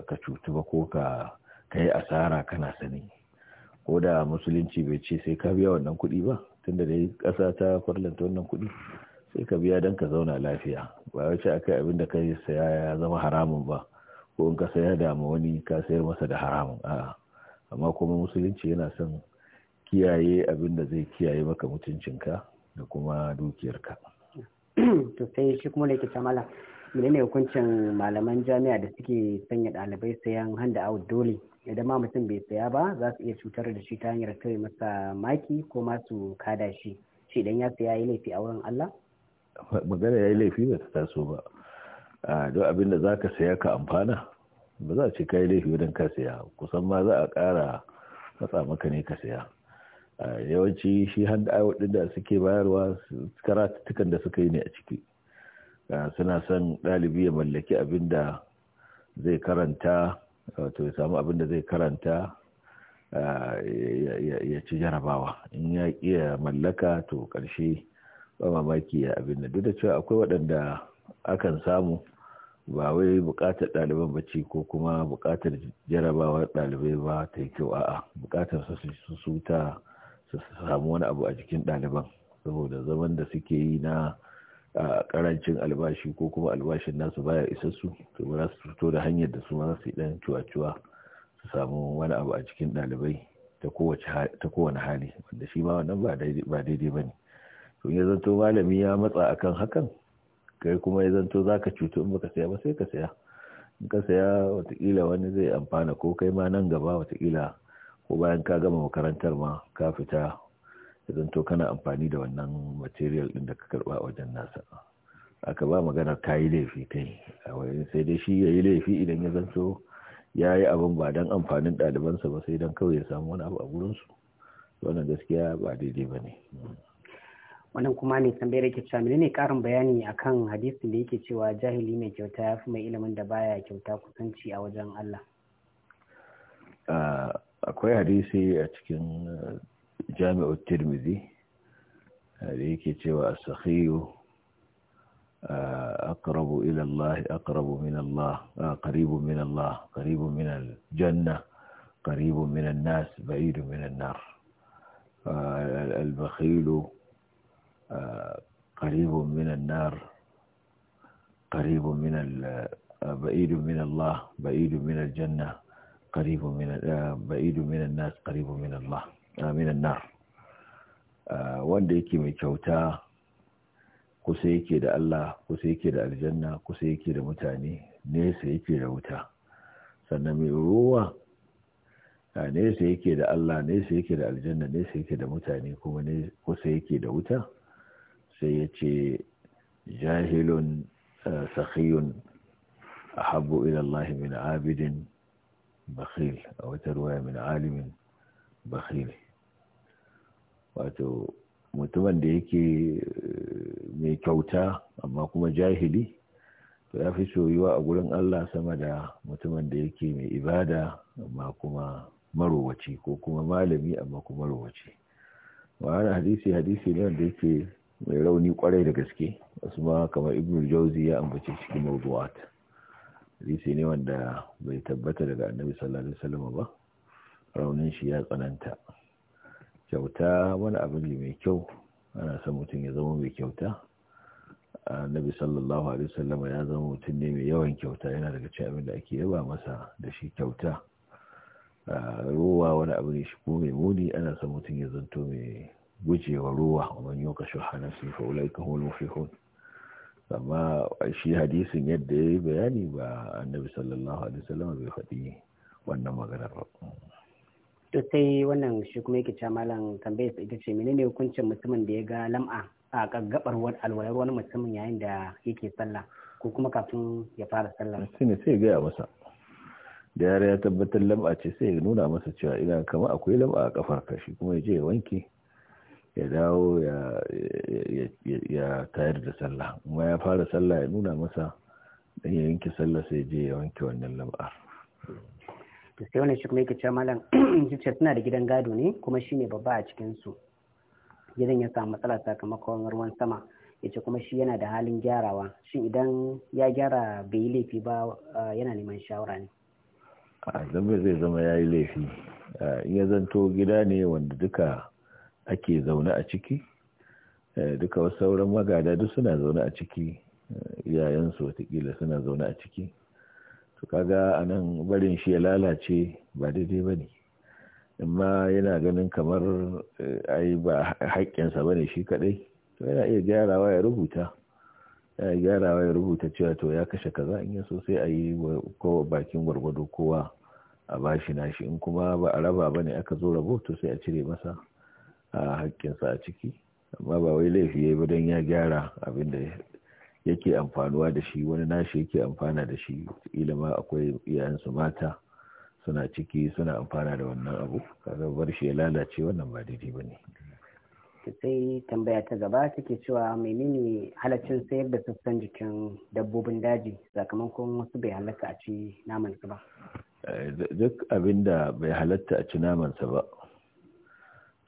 ka cutu ba ko ka yi asara kana sani ko da musulunci bai ce sai ka biya wannan kuɗi ba tunda da ƙasa ta farlanta wannan kuɗi sai ka biya don ka zauna lafiya ba wace akai abin da ka saya ya zama haramun ba ko in ka sayar da ma wani ka sayar masa da haramun a'a amma kuma musulunci yana son kiyaye abin da zai kiyaye maka mutuncinka da kuma dukiyarka to sai shi kuma da yake tamala menene hukuncin malaman jami'a da suke sanya ɗalibai sayan handa out dole idan ma mutum bai saya ba za su iya cutar da shi ta hanyar kai masa maki ko masu kada shi shi idan ya saya yi laifi a wurin Allah magana ya yi laifi ba ta taso ba do abin da za ka saya ka amfana ba za a ce kai laifi wajen ka saya kusan ma za a ƙara matsa maka ne ka saya yawanci shi hand out din da suke bayarwa karatukan da suka yi ne a ciki suna son ɗalibi ya mallaki abin da zai karanta wato ya samu abin da zai karanta ya ci jarabawa in ya iya mallaka to ƙarshe ba mamaki ya abin da duk da cewa akwai waɗanda akan samu ba wai buƙatar ɗaliban bacci ko kuma buƙatar jarabawar ɗalibai ba ta yi kyau a'a buƙatar su su ta su samu wani abu a jikin ɗaliban saboda zaman da suke yi na karancin albashi ko kuma albashin nasu baya isa su to ba su fito da hanyar da su ma su yi ɗan cuwa-cuwa su samu wani abu a cikin ɗalibai ta kowane hali wanda shi ma wannan ba daidai ba ne to ya zanto malami ya matsa akan hakan kai kuma ya zanto za ka cutu in baka saya ba sai ka saya in ka saya watakila wani zai amfana ko kai ma nan gaba watakila ko bayan ka gama makarantar ma ka fita ya zanto kana amfani da wannan material din da ka karba wajen nasa aka ba maganar ka yi laifi kai a sai dai shi ya yi laifi idan ya zanto ya yi abin ba don amfanin ɗalibansa ba sai don kawai ya samu wani abu a gurinsu wannan gaskiya ba daidai ba ne. wannan kuma mai tambayar yake cewa menene karin bayani akan hadisin da yake cewa jahili mai kyauta ya fi mai ilimin da baya kyauta kusanci a wajen Allah akwai hadisi a cikin jami'ar tirmidhi eh, da yake cewa as-sakhiyu eh, aqrabu ila Allah aqrabu min Allah eh, qaribu min Allah qaribu min al-janna qaribu min an-nas ba'idu qaribun minan nar qaribun minal ba'idun min Allah ba'idun minal janna qaribun min ba'idun minan nas qaribun min Allah minan nar wanda yake mai kyauta kusa yake da Allah kusa yake da aljanna kusa yake da mutane nesa yake da wuta sannan mai ruwa nesa yake da Allah nesa yake da aljanna nesa yake da mutane kuma kusa yake da wuta sai ya ce jahilun eh, sakhiyun ahabbu ila Allah min abidin bakhil a wata ruwaya min alimin bakhil wato mutumin da yake eh, mai kyauta amma kuma jahili to ya fi soyuwa a gurin Allah sama da mutumin da yake mai ibada amma kuma marowaci ko kuma malami amma kuma marowaci wa'ana hadisi hadisi ne wanda yake mai rauni kwarai da gaske wasu ma kamar ibn jauzi ya ambace cikin mawdu'at hadisi ne wanda bai tabbata daga annabi sallallahu alaihi wasallam ba raunin shi ya tsananta kyauta wani abu ne mai kyau ana son mutum ya zama mai kyauta annabi sallallahu alaihi wasallam ya zama mutum ne mai yawan kyauta yana daga cikin abin da ake yaba masa da shi kyauta ruwa wani abu ne shi ko mai muni ana son mutum ya zanto mai gujewa ruwa wa man yuka shuha nafsi fa ulaika humul muflihun amma shi hadisin yadda ya yi bayani ba annabi sallallahu alaihi wasallam bai faɗi wannan maganar ba to sai wannan shi kuma yake cewa malam tambayar sai ita ce menene hukuncin mutumin da ya ga lam'a a gaggabar alwalar wani mutumin yayin da yake sallah ko kuma kafin ya fara sallah shine sai gaya masa da yare ya tabbatar lam'a ce sai ya nuna masa cewa idan kama akwai lam'a a kafarka shi kuma ya je ya wanke ya dawo ya tayar da sallah kuma ya fara sallah ya nuna masa da ya yanke sallah sai je ya wanke wannan lam'ar to sai wani shi kuma yake malam zuciya suna da gidan gado ne kuma shi ne babba a cikinsu gidan ya samu matsala sakamakon ruwan sama ya ce kuma shi yana da halin gyarawa shi idan ya gyara bai yi laifi ba yana neman shawara ne a zama zai zama ya yi laifi ya zanto gida ne wanda duka ake zaune a ciki eh, duka wasu sauran magada duk suna zaune a ciki eh, iyayensu watakila suna zaune a ciki to kaga a nan barin shi ya lalace ba daidai ba ne amma yana ganin kamar eh, ai ba haƙƙinsa ba ne shi kaɗai to yana iya gyarawa ya rubuta ya gyarawa ya rubuta cewa to ya kashe kaza in ya so sai a yi bakin gwargwado kowa a bashi nashi in kuma ba a raba ba ne aka zo rabo to sai a cire masa hakkinsa a ciki amma ba wai laifi ya yi ba don ya gyara abin da yake amfanuwa da shi wani nashi yake amfana da shi ilima akwai iyayensu mata suna ciki suna amfana da wannan abu kaga bar shi ya lalace wannan ba daidai ba ne sai tambaya ta gaba take cewa menene halaccin sayar da sassan jikin dabbobin daji sakamakon wasu bai halatta a ci naman ba eh, duk abinda bai halatta a ci namansa ba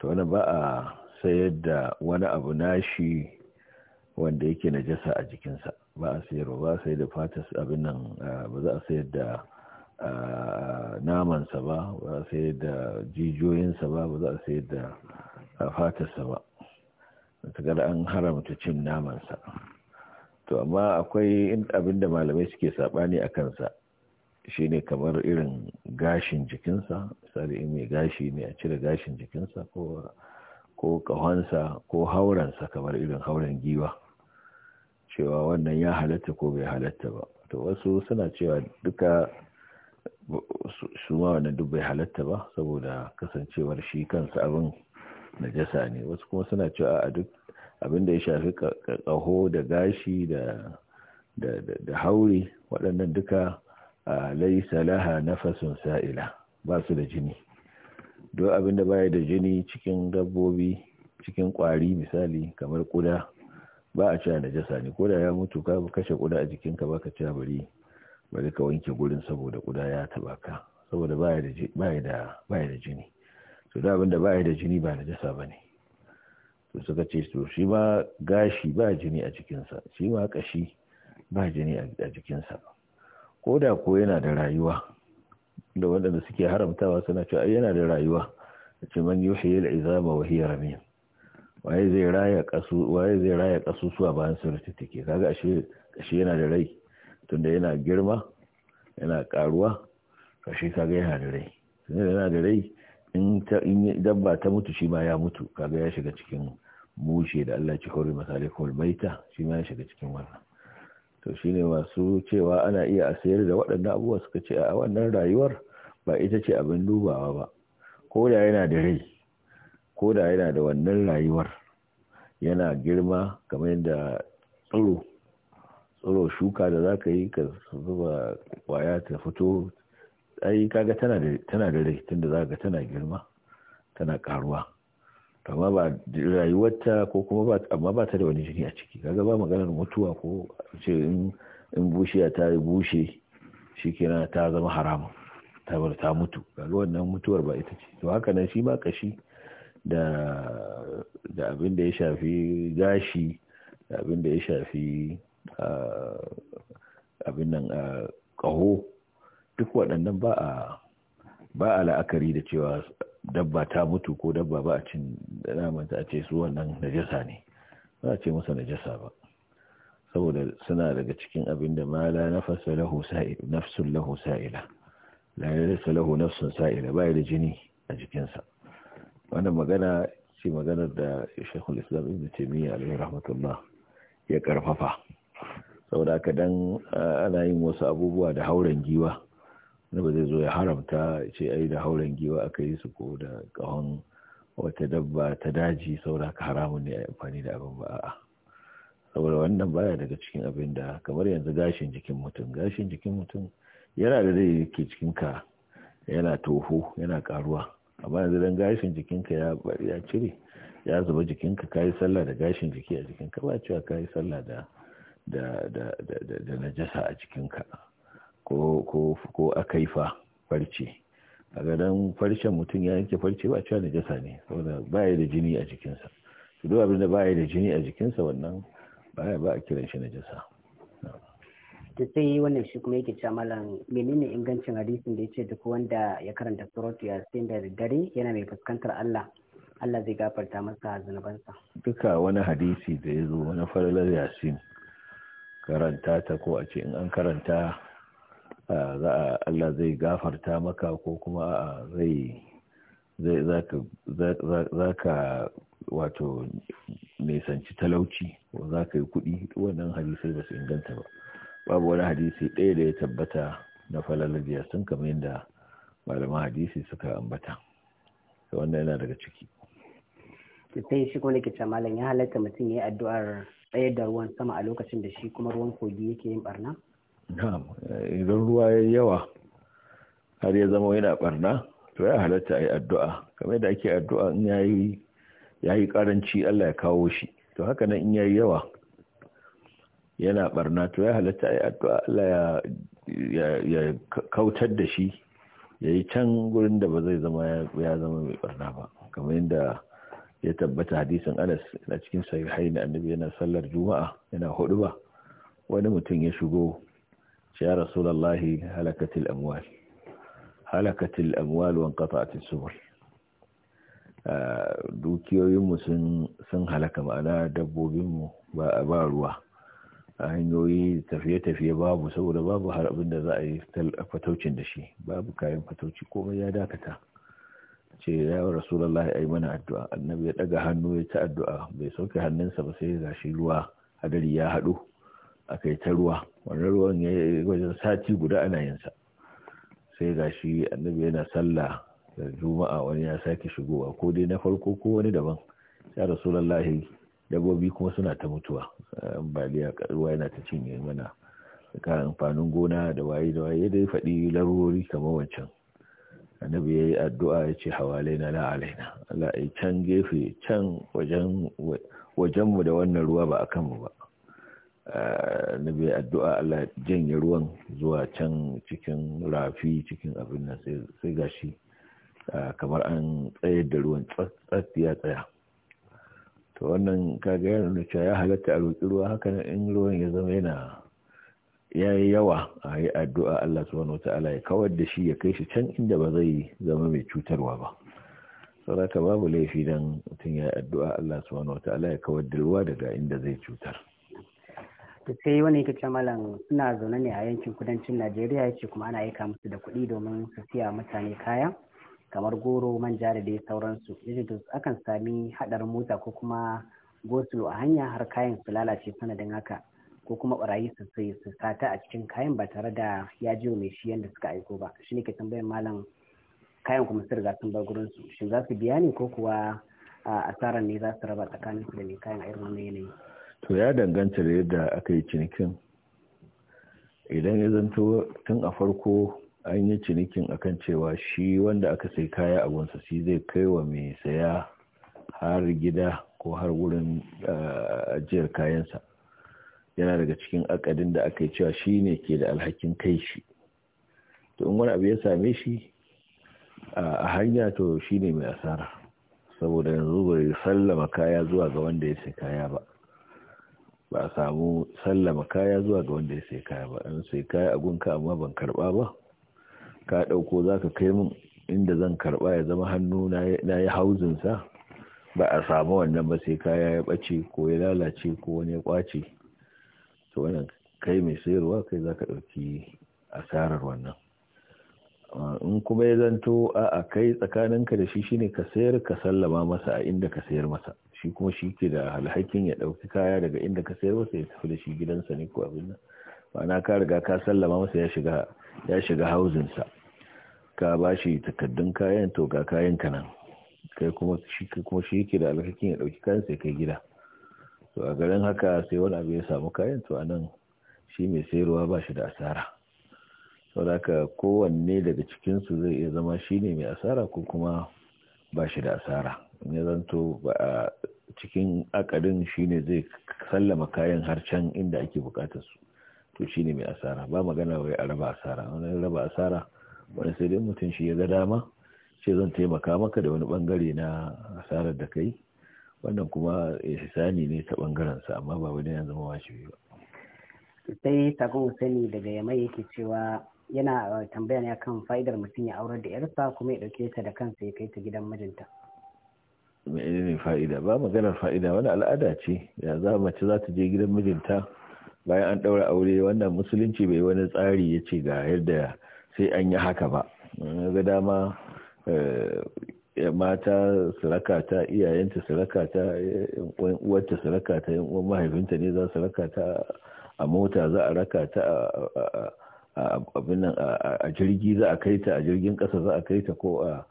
to wani ba a sayar da wani abu nashi wanda yake na jasa a jikinsa ba a sayarwa ba a sayar da fatas abin nan ba za a sayar da namansa ba ba a sayar da jijiyoyinsa ba ba za a sayar da fatarsa ba matuƙar an haramta cin namansa to amma akwai abin da malamai suke saɓani a kansa shi ne kamar irin gashin jikinsa misali in mai gashi ne a cire gashin jikinsa ko kahonsa ko haurensa kamar irin hauren giwa cewa wannan ya halatta ko bai halatta ba to wasu suna cewa duka su ma wannan duk bai halatta ba saboda kasancewar shi kansa abin najasa ne wasu kuma suna cewa a duk abin da ya shafi kaho da gashi da hauri haure waɗannan duka laisa laha nafasun sa'ila ba su da jini duk abin da baya da jini cikin dabbobi cikin kwari misali kamar kuda ba a cewa jasa ne koda ya mutu ka kashe kuda a jikinka ba ka cewa bari bari ka wanke gurin saboda kuda ya taba ka saboda baya da da jini to da abin da baya da jini ba najasa bane to suka ce to shi ma gashi ba jini a jikinsa shi ma kashi ba jini a jikinsa ko da ko yana da rayuwa da waɗanda suke haramtawa suna cewa ai yana da rayuwa ce man yuhyi al-izama wa hiya ramim waye zai raya kasu waye zai raya kasusuwa bayan sun take kaga ashe yana da rai tunda yana girma yana karuwa ashe kaga yana da rai tunda yana da rai in ta dabba ta mutu shi ma ya mutu kaga ya shiga cikin mushe da Allah ya ci hori masalikul baita shi ma ya shiga cikin wannan to ne masu cewa ana iya a sayar da waɗannan abubuwa suka ce a wannan rayuwar ba ita ce abin dubawa ba ko da yana da rai ko da yana da wannan rayuwar yana girma kamar yadda tsiro tsoro shuka da za ka yi ka zuba kwaya ta fito ai kaga tana da rai tunda za ka tana girma tana karuwa amma ba rayuwarta ko kuma ba amma ba ta da wani jini a ciki kaga ba maganar mutuwa ko ce in in bushiya ta bushe shikenan ta zama harama, ta bar ta mutu kaga wannan mutuwar ba ita ce to haka nan shi ma kashi da da abin da ya shafi gashi da abin da ya shafi abin nan a ƙaho duk waɗannan ba a ba a la'akari da cewa dabba ta mutu ko dabba ba a cin namanta a ce su wannan najasa ne ba a ce masa najasa ba saboda suna daga cikin abin da ma la nafasa lahu nafsun lahu sa'ila la nafsa lahu nafsun sa'ila ba da jini a jikinsa wannan magana ce maganar da Sheikhul Islam Ibn Taymiyyah alaihi rahmatullah ya karfafa saboda haka dan ana yin wasu abubuwa da hauren giwa na ba zai zo ya haramta ce ai da hauren giwa aka yi su ko da ƙahon wata dabba ta daji saura ka haramun ne a amfani da abin ba'a saboda wannan baya daga cikin abin da kamar yanzu gashin jikin mutum gashin jikin mutum yana da zai ke cikin ka yana toho yana karuwa amma yanzu dan gashin jikinka ya cire ya zuba jikinka yi sallah da gashin jiki a jikinka ba cewa kayi sallah da da da da najasa a jikinka ko fa farce a gadon farcen mutum ya yanke farce ba cewa jasa ne saboda baya da jini a jikinsa su duk abin da baya da jini a jikinsa wannan baya ba a kiran shi na jasa. ta sai wannan shi kuma yake cewa malam menene ingancin hadisin da yace duk wanda ya karanta ya sai da dare yana mai fuskantar Allah Allah zai gafarta masa zunubansa duka wani hadisi da ya zo wani falalar yasin karanta ta ko a ce in an karanta za Allah zai gafarta maka ko kuma zai za ka wato nisanci talauci ko za ka yi kuɗi wannan hadisai ba su inganta ba babu wani hadisi ɗaya da ya tabbata na falalajiya sun kamar yadda malaman hadisi suka ambata wannan yana daga ciki sai shi kuma ke malam ya halatta mutum ya yi addu'ar tsayar da ruwan sama a lokacin da shi kuma ruwan kogi yake yin barna idan ruwa ya yawa har ya zama yana barna to ya halatta a yi addu'a kamar yadda ake addu'a in ya yi karanci Allah ya kawo shi to haka nan in ya yi yawa yana barna to ya halatta a yi addu'a Allah ya kautar da shi ya yi can gurin da ba zai zama ya zama mai barna ba kamar yadda ya tabbata hadisin anas na cikin sahihai na annabi yana sallar juma'a yana hudu ba wani mutum ya shigo ya rasulallahi halakatil amwal halakatil amwal wan qata'atis subul dukiyoyinmu sun halaka ma'ana dabbobinmu ba ba ruwa a hanyoyi tafiye-tafiye babu saboda babu har abin da za a yi fataucin da shi babu kayan fatauci komai ya dakata ce ya rasulullahi yi mana addu'a annabi ya daga hannu ya ta addu'a bai sauke hannunsa ba sai gashi ruwa hadari ya haɗu a yi ta ruwa wannan ruwan ya wajen sati guda ana yin sa sai gashi annabi yana sallah da juma'a wani ya sake shigowa ko dai na farko ko wani daban ya lallahi dabbobi kuma suna ta mutuwa ambaliya ruwa yana ta cinye mana ka amfanin gona da waye da waye da ya faɗi larurori kamar wancan annabi ya yi addu'a ya ce laina la alaina Allah ya can gefe can wajen wajenmu da wannan ruwa ba a kanmu ba Eh, bai addu'a Allah janye ruwan zuwa can cikin rafi cikin abin nan sai gashi eh, kamar an tsayar da ruwan ya tsaya to wannan kaga yana nuna cewa ya halatta a roƙi ruwa haka in ruwan ya zama yana ya yi yawa a yi addu'a Allah subhanahu ta'ala ya kawar da shi ya kai shi can inda ba zai zama mai cutarwa ba saboda babu laifi dan mutum ya yi addu'a Allah subhanahu ta'ala ya kawar da ruwa daga inda zai cutar to sai wani yake cewa malam suna zaune ne a yankin kudancin najeriya yace kuma ana aika musu da kuɗi domin su siya mutane kaya kamar goro manja da dai sauransu yake to akan sami haɗar mota ko kuma gosulo a hanya har kayan su lalace sanadin haka ko kuma barayi su sai su sata a cikin kayan ba tare da ya jiyo mai shi yadda suka aiko ba shi ne ke tambayar malam kayan kuma su riga sun bar gurin su shin za su biya ne ko kuwa a asarar ne za su raba tsakanin su da mai kayan a irin wannan yanayi to ya danganta da yadda aka yi cinikin idan ya zanto tun a farko an yi cinikin akan cewa shi wanda aka sai kaya a gunsa shi zai kai wa mai saya har gida ko har wurin eh, ajiyar kayansa yana daga cikin akadin da aka yi cewa shi ne ke da alhakin kai shi to in wani abu ya same shi a hanya to shi ne mai asara saboda yanzu bai sallama kaya zuwa ga wanda ya sai kaya ba ba a samu sallama kaya zuwa ga wanda ya sai kaya ba an sai kaya a gunka amma ban karba ba ka dauko za ka kai mun inda zan karba ya zama hannu na yi hauzinsa ba a samu wannan ba sai kaya ya bace ko ya lalace ko wani ya kwace to wannan kai mai sayarwa kai za ka ɗauki asarar wannan in kuma ya zanto a kai tsakaninka da shi shine ka sayar ka sallama masa a inda ka sayar masa shi kuma shi ke da alhakin ya ɗauki kaya daga inda ka sayar masa ya tafi da shi gidansa ne ko abin nan ma'ana ka riga ka sallama masa ya shiga ya hauzinsa ka ba shi takaddun kayan to ga kayan ka nan kai kuma shi kuma shi ke da alhakin ya ɗauki kayan sai kai gida to a garin haka sai wani abu ya samu kayan to anan shi mai sayarwa ba shi da asara saboda haka kowanne daga cikinsu zai iya zama shi ne mai asara ko kuma ba shi da asara ya zanto ba a cikin akadin shine zai sallama kayan har inda ake bukatar su to shine mai asara ba magana wai a raba asara wani raba asara wani sai dai mutum shi ya ga dama ce zan taimaka maka da wani bangare na asarar da kai wannan kuma sani ne ta bangaren sa amma ba wani ya zama wajibi ba sai tagon sani daga yamma yake cewa yana tambaya ne kan fa'idar mutum ya aurar da yarsa kuma ya dauke ta da kansa ya kai ta gidan mijinta menene fa'ida ba maganar fa'ida wani al'ada ce ya za mace za ta je gidan mijinta bayan an ɗaura aure wannan musulunci bai wani tsari ya ce ga yadda sai an yi haka ba ga dama eh, mata ta iyayenta sarakata uwarta yan uwan mahaifinta ne za su ta a mota za a raka ta a jirgi za a kai ta a jirgin kasa za a kai ta ko a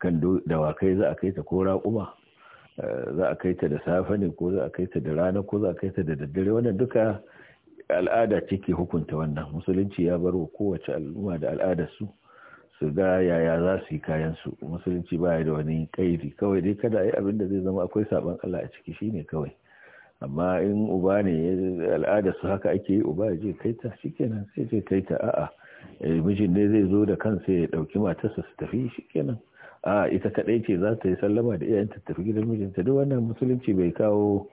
kan dawakai za a kai ta ko raƙuma Eh, za a kai ta da safe ne ko za a kai ta da rana ko za a kai ta da daddare wannan duka al'ada ce ke hukunta wannan musulunci ya bar wa kowace al'umma da al'adar su su ga yaya za su yi kayan su musulunci baya da wani kaidi kawai dai kada ayi yi abin da zai zama akwai saban Allah a ciki shine kawai amma in uba ne al'adar su haka ake yi uba ya je kai ta shikenan sai je kai ta a'a eh, mijin ne zai zo da kansa ya dauki matarsa su tafi shikenan a ita kadai ce za ta yi sallama da iyayen tattafi gidan mijinta duk wannan musulunci bai kawo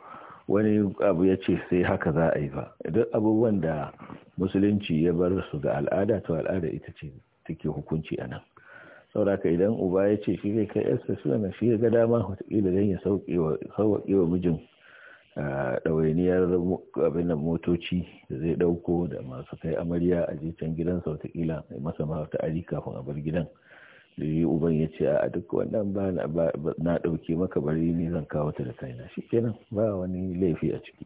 wani abu ya ce sai haka za a yi ba duk abubuwan da musulunci ya bar su ga al'ada to al'ada ita ce take hukunci a nan sauraka idan uba ya ce shi zai kai yarsa suna shi ya ga dama wataƙila zan ya sauƙi wa mijin ɗawainiyar abin da motoci da zai ɗauko da masu kai amarya a je gidansa wataƙila mai masa ma wata ari kafin a bar gidan shi uban ya ce a duk wannan ba na ɗauke maka bari ne zan kawo ta da kaina shi kenan ba wani laifi a ciki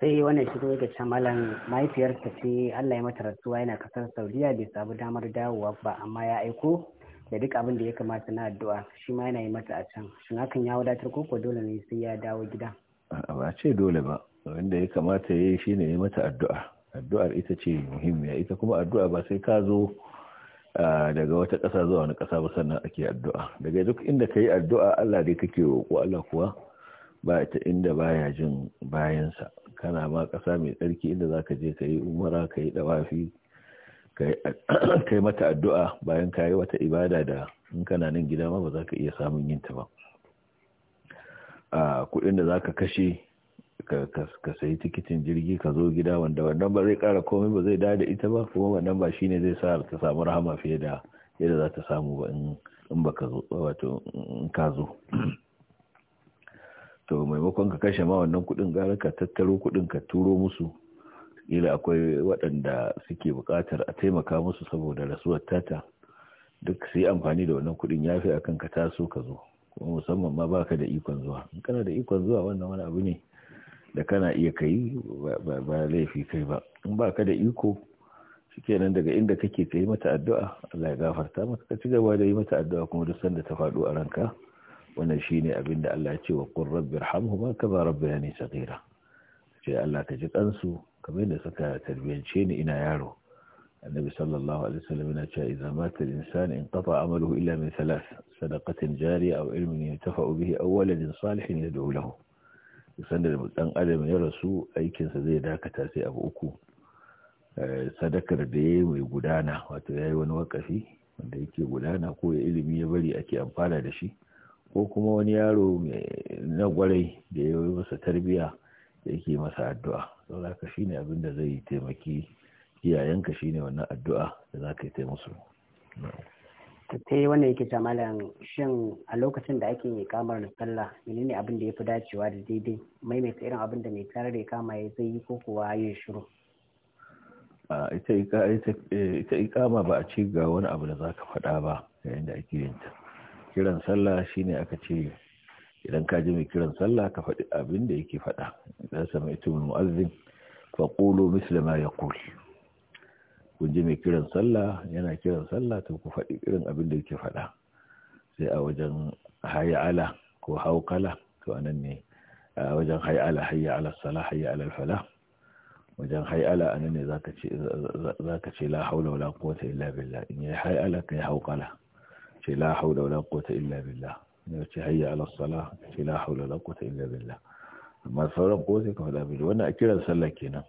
sai wannan shigo yake ce malam mahaifiyarsa ce Allah ya mata rasuwa yana kasar Saudiya bai samu damar dawowa ba amma ya aiko da duk abin da ya kamata na addu'a shi ma yana yi mata a can shin hakan ya wadatar ko ko dole ne sai ya dawo gida a ba ce dole ba wanda ya kamata ya yi ne ya mata addu'a addu'ar ita ce muhimmiya ita kuma addu'a ba sai ka zo Ah, daga wata ƙasa zuwa wani ƙasa ba sannan ake addu'a daga duk inda ka yi addu'a Allah dai kake roƙo Allah kuwa ba ta inda baya jin bayansa kana ma ƙasa mai tsarki inda za ka je ka yi umara ka yi ɗawafi ka yi mata addu'a bayan ka yi wata ibada da in kana nan gida ma ba za ka iya samun yin ta ba ah, kuɗin da za ka kashe ka sayi tikitin jirgi ka zo gida wanda wannan ba zai kara komai ba zai dada ita ba kuma wannan ba shine zai sa ta samu rahama fiye da yadda za ta samu ba in ba ka zo wato in ka zo to maimakon ka kashe ma wannan kudin gara ka tattaro kudin ka turo musu kila akwai waɗanda suke buƙatar a taimaka musu saboda rasuwar tata duk sai amfani da wannan kudin yafi akan ka taso ka zo kuma musamman ma baka da ikon zuwa in kana da ikon zuwa wannan wani abu ne da kana iya kai ba laifi kai ba in ba ka da iko shikenan daga inda kake ka yi mata addu'a Allah ya gafarta maka ka ci gaba da yi mata addu'a kuma duk sanda ta faɗo a ranka wannan shine abin da Allah ya ce wa qur rabbi irhamhuma kama rabbayani saghira ce Allah ka ji kansu kamar yadda suka tarbiyance ni ina yaro alaihi صلى الله عليه وسلم إذا مات in انقطع amaluhu إلا من ثلاث صدقة جارية أو علم ينتفع به أو ولد صالح يدعو له sanda da dan adam ya rasu aikinsa zai dakata sai abu uku eh, sadakar da ya yi mai gudana wato ya yi wani wakafi wanda yake gudana ko ya ilimi ya bari ake amfana da shi ko kuma wani yaro na gwarai da ya yi masa tarbiya da yake masa addu'a don haka shine abin da zai taimaki iyayenka shine wannan addu'a da za ka yi ta musu yi wannan yake ce malam shin a lokacin da ake kamar sallah menene abin da ya fi dacewa da daidai maimaita irin abin da mai tare da kama ya zai yi ko kuwa yin shiru ita ikama ba a ce ga wani abu da za ka faɗa ba yayin da ake yin ta kiran sallah shine aka ce idan ka ji mai kiran sallah ka faɗi abin da yake faɗa idan sami ita mu'azzin fa qulu misla ma yaqul Kun ji mai kiran sallah yana kiran sallah to ku faɗi irin abin da yake faɗa sai a wajen hayi ala ko haukala to anan ne a wajen hayi ala, hayi ala sala hayi ala fala wajen hayala anan ne zaka ce zaka ce la haula wala quwwata illa billah in yi hayala kai haukala ce la haula wala quwwata illa billah ne ce hayi ala sala ce la haula wala quwwata illa billah amma sauran ko sai ka faɗa bi wannan a kiran sallah kenan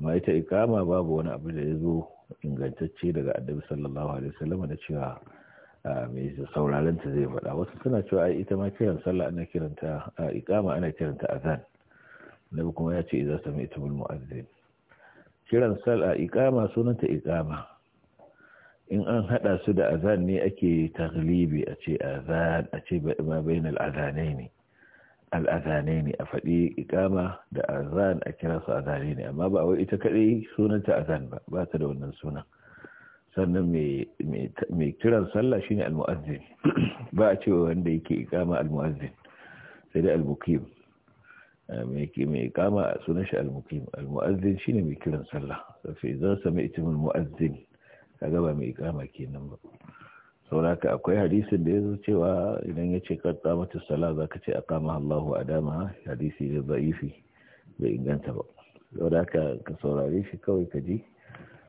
amma ita ikama babu wani abu da ya zo ingantacce daga annabi sallallahu alaihi wasallam da cewa mai sauraron ta zai faɗa wasu suna cewa ai ita ma kiran sallah ana kiranta a ikama ana kiranta azan nabi kuma ya ce idza sami'tumul mu'adhdhin kiran sallah ikama sunanta ikama in an hada su da azan ne ake taglibi a ce azan a ce ma bainal azanaini ne al'azane ne a faɗi ikama da azan a kira su azane ne amma ba wai ita kaɗai sunanta azan ba ba ta da wannan sunan sannan mai kiran sallah shine almu'azzin ba a cewa wanda yake ikama almu'azzin sai dai almuqim eh, mai ikama a sunan shi almuqim almu'azzin shine mai kiran sallah sai zan sami itimin mu'azzin kaga ba mai ikama kenan ba sauraka akwai hadisin da ya zo cewa idan ya ce karta mata sala za ka ce a kama Allahu a dama hadisi da za'ifi bai inganta ba sauraka ka saurare shi kawai ka ji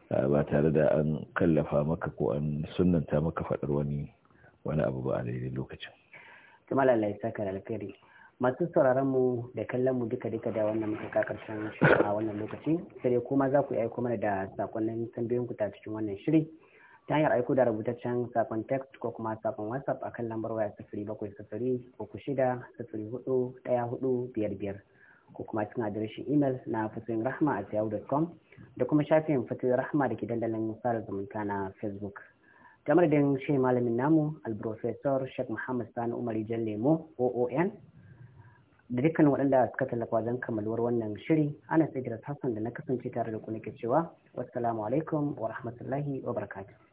ba tare da an kallafa maka ko an sunanta maka faɗar wani wani abu ba a daidai lokacin. Tumala Allah ya saka alkhairi. Masu sauraron mu da kallon mu duka duka da wannan muka ka karshen a wannan lokaci sai kuma za ku yi aiko mana da sakonnin tambayoyin ku ta cikin wannan shiri. ta hanyar aiko da rubutaccen sakon text ko kuma sakon whatsapp a kan lambar waya sifiri bakwai sifiri uku shida sifiri hudu daya hudu biyar biyar ko kuma cikin adireshin imel na fatoyin rahma a yahoo.com da kuma shafin fatoyin rahma da ke dandalin sada zumunta na facebook kamar da shi malamin namu alprofessor sheikh muhammad sani umar jan lemo oon da dukkan waɗanda suka tallafa wajen kammaluwar wannan shiri ana tsaye hassan da na kasance tare da ku nake cewa wassalamu alaikum wa rahmatullahi wa barakatuh